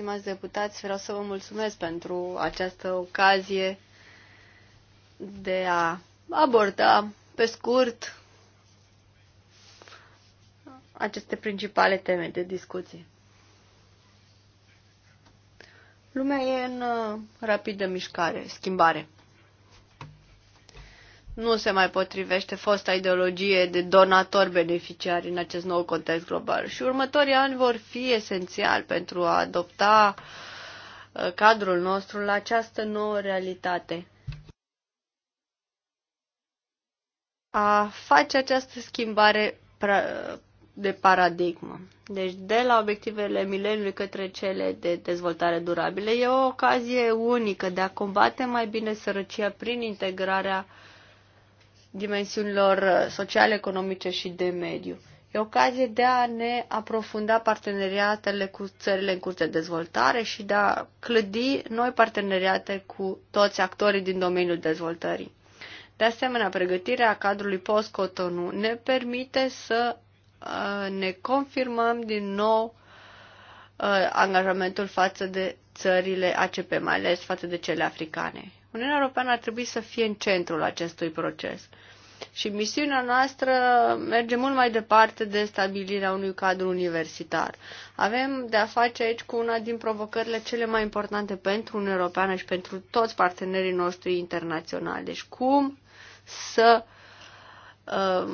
stimați deputați, vreau să vă mulțumesc pentru această ocazie de a aborda pe scurt aceste principale teme de discuție. Lumea e în uh, rapidă mișcare, schimbare nu se mai potrivește fosta ideologie de donator-beneficiari în acest nou context global. Și următorii ani vor fi esențiali pentru a adopta uh, cadrul nostru la această nouă realitate. A face această schimbare de paradigmă. Deci de la obiectivele mileniului către cele de dezvoltare durabilă e o ocazie unică de a combate mai bine sărăcia prin integrarea dimensiunilor uh, sociale, economice și de mediu. E ocazie de a ne aprofunda parteneriatele cu țările în curs de dezvoltare și de a clădi noi parteneriate cu toți actorii din domeniul dezvoltării. De asemenea, pregătirea cadrului post-Cotonou ne permite să uh, ne confirmăm din nou uh, angajamentul față de țările ACP, mai ales față de cele africane. Uniunea Europeană ar trebui să fie în centrul acestui proces. Și misiunea noastră merge mult mai departe de stabilirea unui cadru universitar. Avem de a face aici cu una din provocările cele mai importante pentru Uniunea Europeană și pentru toți partenerii noștri internaționali. Deci cum să um,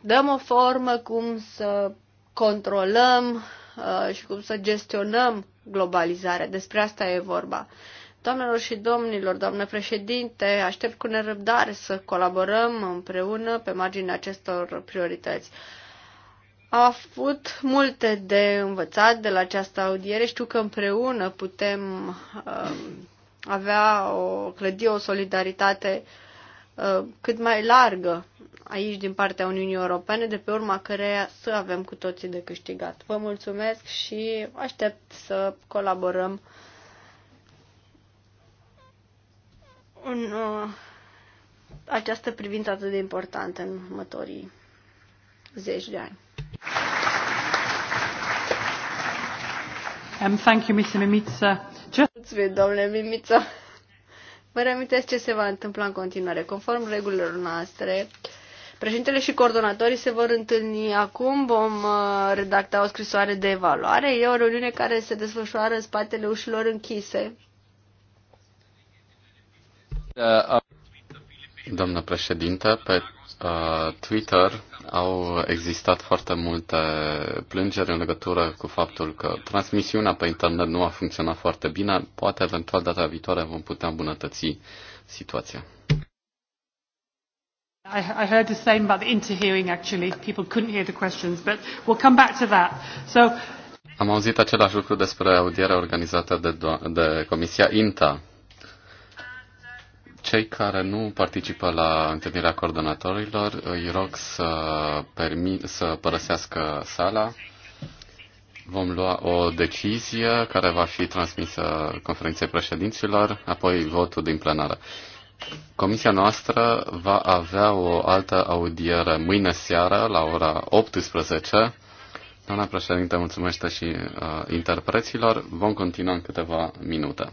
dăm o formă, cum să controlăm uh, și cum să gestionăm globalizarea. Despre asta e vorba. Doamnelor și domnilor, doamnă președinte, aștept cu nerăbdare să colaborăm împreună pe marginea acestor priorități. Am avut multe de învățat de la această audiere. Știu că împreună putem uh, avea o clădi o solidaritate uh, cât mai largă aici din partea Uniunii Europene, de pe urma căreia să avem cu toții de câștigat. Vă mulțumesc și aștept să colaborăm în uh, această privință atât de importantă în următorii zeci de ani. Um, thank you, Mr. Mimica. Mulțumim, domnule Mimița. Vă reamintesc ce se va întâmpla în continuare. Conform regulilor noastre, președintele și coordonatorii se vor întâlni acum. Vom uh, redacta o scrisoare de evaluare. E o reuniune care se desfășoară în spatele ușilor închise. Domnul președinte, pe uh, Twitter au existat foarte multe plângeri în legătură cu faptul că transmisiunea pe internet nu a funcționat foarte bine. Poate eventual data viitoare vom putea îmbunătăți situația. I, I heard the same about the interhearing actually. People couldn't hear the questions, but we'll come back to that. So am auzit același lucru despre audierea organizată de, de Comisia INTA cei care nu participă la întâlnirea coordonatorilor îi rog să, permit, să părăsească sala. Vom lua o decizie care va fi transmisă conferinței președinților, apoi votul din plenară. Comisia noastră va avea o altă audiere mâine seară la ora 18. Doamna președinte, mulțumește și uh, interpreților. Vom continua în câteva minute.